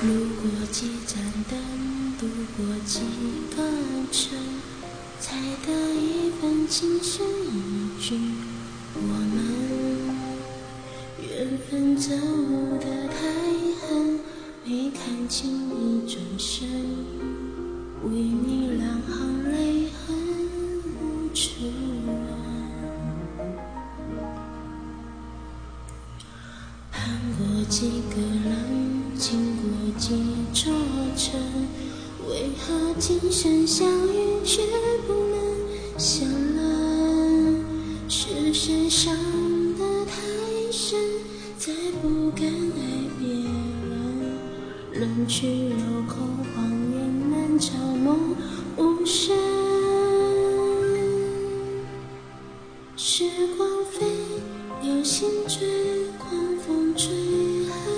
路過幾盞燈，度過幾個晨，才得一份情深一句。我們緣分走得太狠，沒看清一轉身，為你兩行淚痕無處安。盼過幾個人，幾座城，為何今生相遇卻不能相認？是誰傷得太深，才不敢愛別人？人去樓空，黃葉難照夢無聲。時光飛，流星墜，狂風吹。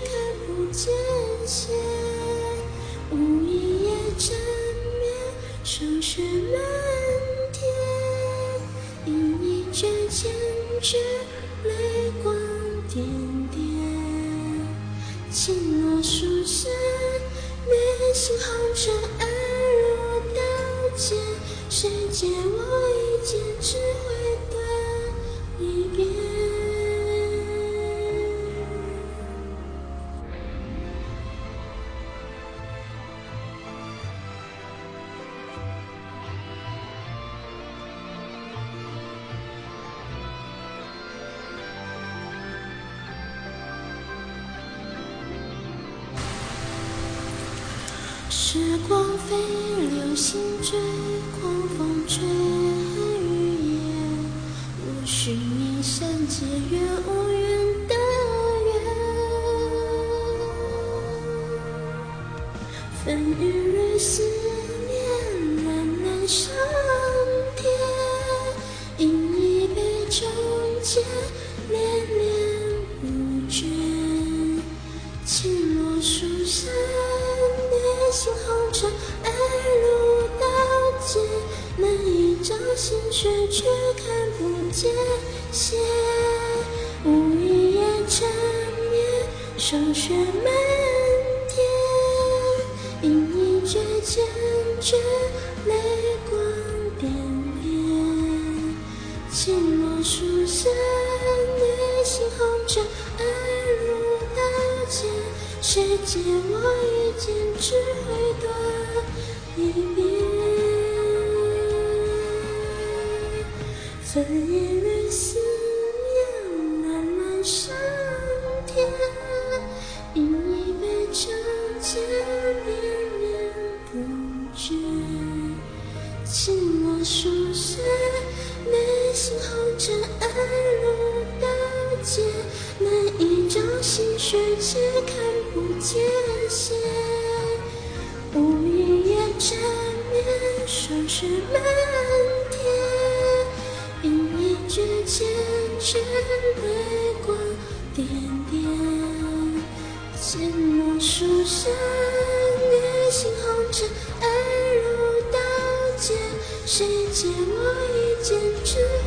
霜雪漫天，映着千紙淚光點點。輕落樹下，眉心紅塵，愛如刀劍。誰借我一劍，只換？時光飛，流星墜，狂風吹，雨夜，我需你山間月無緣的約，分與掠，思念難難捨。愛如刀劍，每一張心血，卻看不見血。無雲也纏綿霜雪滿天，隱隱堅決借我一劍，只會多離別。焚一縷思念，藍藍上天，飲一杯愁酒，綿綿不絕。借我雙鞋，眉心紅塵。卻只看不見雪，無意也纏綿，霜雪漫天，雲一句之間卻淚點點，劍落書山，虐心紅塵，愛如刀劍，誰借我一劍？